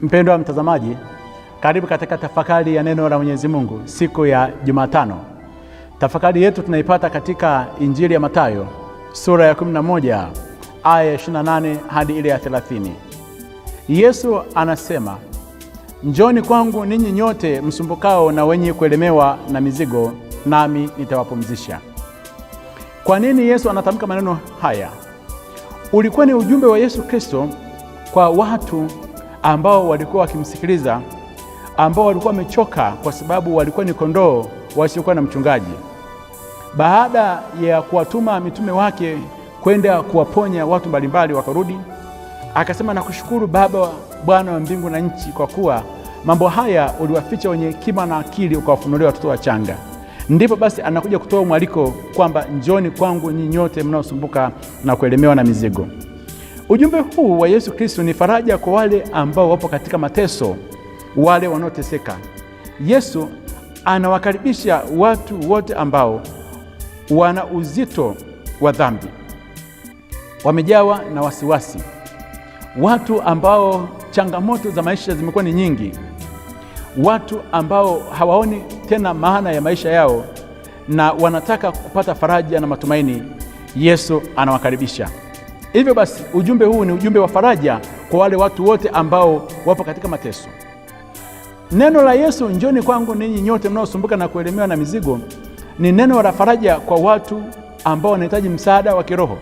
mpendo wa mtazamaji, karibu katika tafakari ya neno la Mwenyezi Mungu siku ya Jumatano. Tafakari yetu tunaipata katika Injili ya matayo sura ya 11 aya ya 28 hadi ile ya 30. Yesu anasema, njoni kwangu ninyi nyote msumbukao na wenye kuelemewa na mizigo, nami nitawapumzisha. Kwa nini Yesu anatamka maneno haya? Ulikuwa ni ujumbe wa Yesu Kristo kwa watu ambao walikuwa wakimsikiliza, ambao walikuwa wamechoka kwa sababu walikuwa ni kondoo wasiokuwa na mchungaji. Baada ya kuwatuma mitume wake kwenda kuwaponya watu mbalimbali, wakarudi, akasema, nakushukuru Baba, Bwana wa mbingu na nchi, kwa kuwa mambo haya uliwaficha wenye hekima na akili, ukawafunulia watoto wachanga. Ndipo basi anakuja kutoa mwaliko kwamba njoni kwangu nyinyi nyote mnaosumbuka na kuelemewa na mizigo. Ujumbe huu wa Yesu Kristo ni faraja kwa wale ambao wapo katika mateso, wale wanaoteseka. Yesu anawakaribisha watu wote ambao wana uzito wa dhambi, wamejawa na wasiwasi, watu ambao changamoto za maisha zimekuwa ni nyingi, watu ambao hawaoni tena maana ya maisha yao na wanataka kupata faraja na matumaini. Yesu anawakaribisha. Hivyo basi ujumbe huu ni ujumbe wa faraja kwa wale watu wote ambao wapo katika mateso. Neno la Yesu, njoni kwangu ninyi nyote mnaosumbuka na kuelemewa na mizigo, ni neno la faraja kwa watu ambao wanahitaji msaada wa kiroho.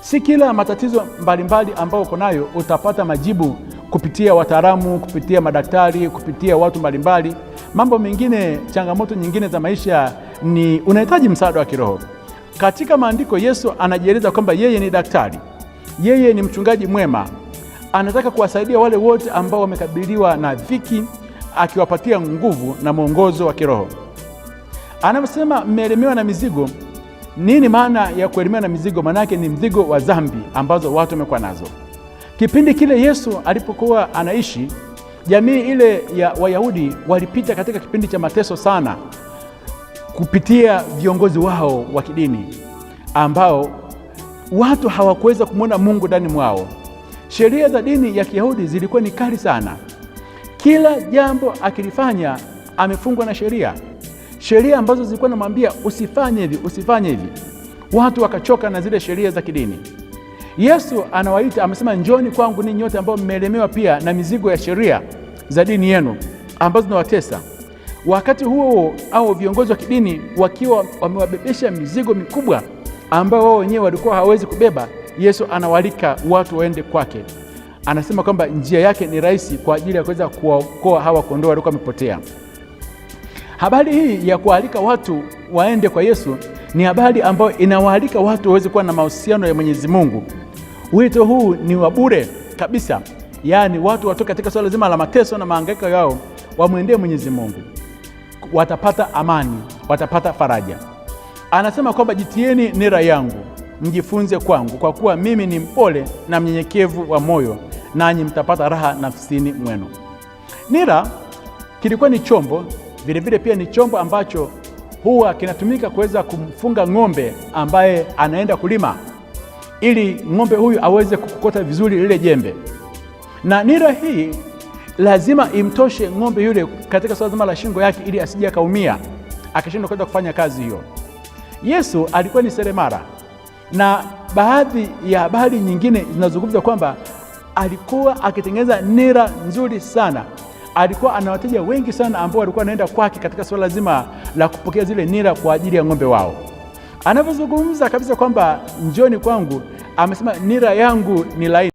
Si kila matatizo mbalimbali ambao uko nayo utapata majibu kupitia wataalamu, kupitia madaktari, kupitia watu mbalimbali. Mambo mengine, changamoto nyingine za maisha ni unahitaji msaada wa kiroho. Katika maandiko Yesu anajieleza kwamba yeye ni daktari, yeye ni mchungaji mwema, anataka kuwasaidia wale wote ambao wamekabiliwa na dhiki, akiwapatia nguvu na mwongozo wa kiroho. Anaposema mmeelemewa na mizigo, nini maana ya kuelemewa na mizigo? maanaake ni mzigo wa dhambi ambazo watu wamekuwa nazo. Kipindi kile Yesu alipokuwa anaishi, jamii ile ya Wayahudi walipita katika kipindi cha mateso sana kupitia viongozi wao wa kidini ambao Watu hawakuweza kumwona Mungu ndani mwao. Sheria za dini ya Kiyahudi zilikuwa ni kali sana. Kila jambo akilifanya amefungwa na sheria, sheria ambazo zilikuwa namwambia usifanye hivi, usifanye hivi. Watu wakachoka na zile sheria za kidini. Yesu anawaita amesema, njoni kwangu ninyi nyote ambao mmelemewa pia na mizigo ya sheria za dini yenu ambazo zinawatesa. Wakati huo au viongozi wa kidini wakiwa wamewabebesha mizigo mikubwa ambao wao wenyewe walikuwa hawawezi kubeba, Yesu anawalika watu waende kwake. Anasema kwamba njia yake ni rahisi kwa ajili ya kuweza kuwaokoa hawa kondoo walikuwa wamepotea. Habari hii ya kualika watu waende kwa Yesu ni habari ambayo inawaalika watu waweze kuwa na mahusiano ya Mwenyezi Mungu. Wito huu ni wa bure kabisa, yaani watu watoke katika swala zima la mateso na maangaiko yao, wamwendee Mwenyezi Mungu, watapata amani, watapata faraja. Anasema kwamba jitieni nira yangu mjifunze kwangu, kwa kuwa mimi ni mpole na mnyenyekevu wa moyo, nanyi mtapata raha nafsini mwenu. Nira kilikuwa ni chombo vilevile, pia ni chombo ambacho huwa kinatumika kuweza kumfunga ng'ombe ambaye anaenda kulima, ili ng'ombe huyu aweze kukokota vizuri lile jembe, na nira hii lazima imtoshe ng'ombe yule katika swala zima la shingo yake, ili asije akaumia akishindwa kuweza kufanya kazi hiyo. Yesu alikuwa ni seremala, na baadhi ya habari nyingine zinazungumza kwamba alikuwa akitengeneza nira nzuri sana. Alikuwa ana wateja wengi sana ambao walikuwa wanaenda kwake katika swala zima la kupokea zile nira kwa ajili ya ng'ombe wao. Anavyozungumza kabisa kwamba njoni kwangu, amesema nira yangu ni laini.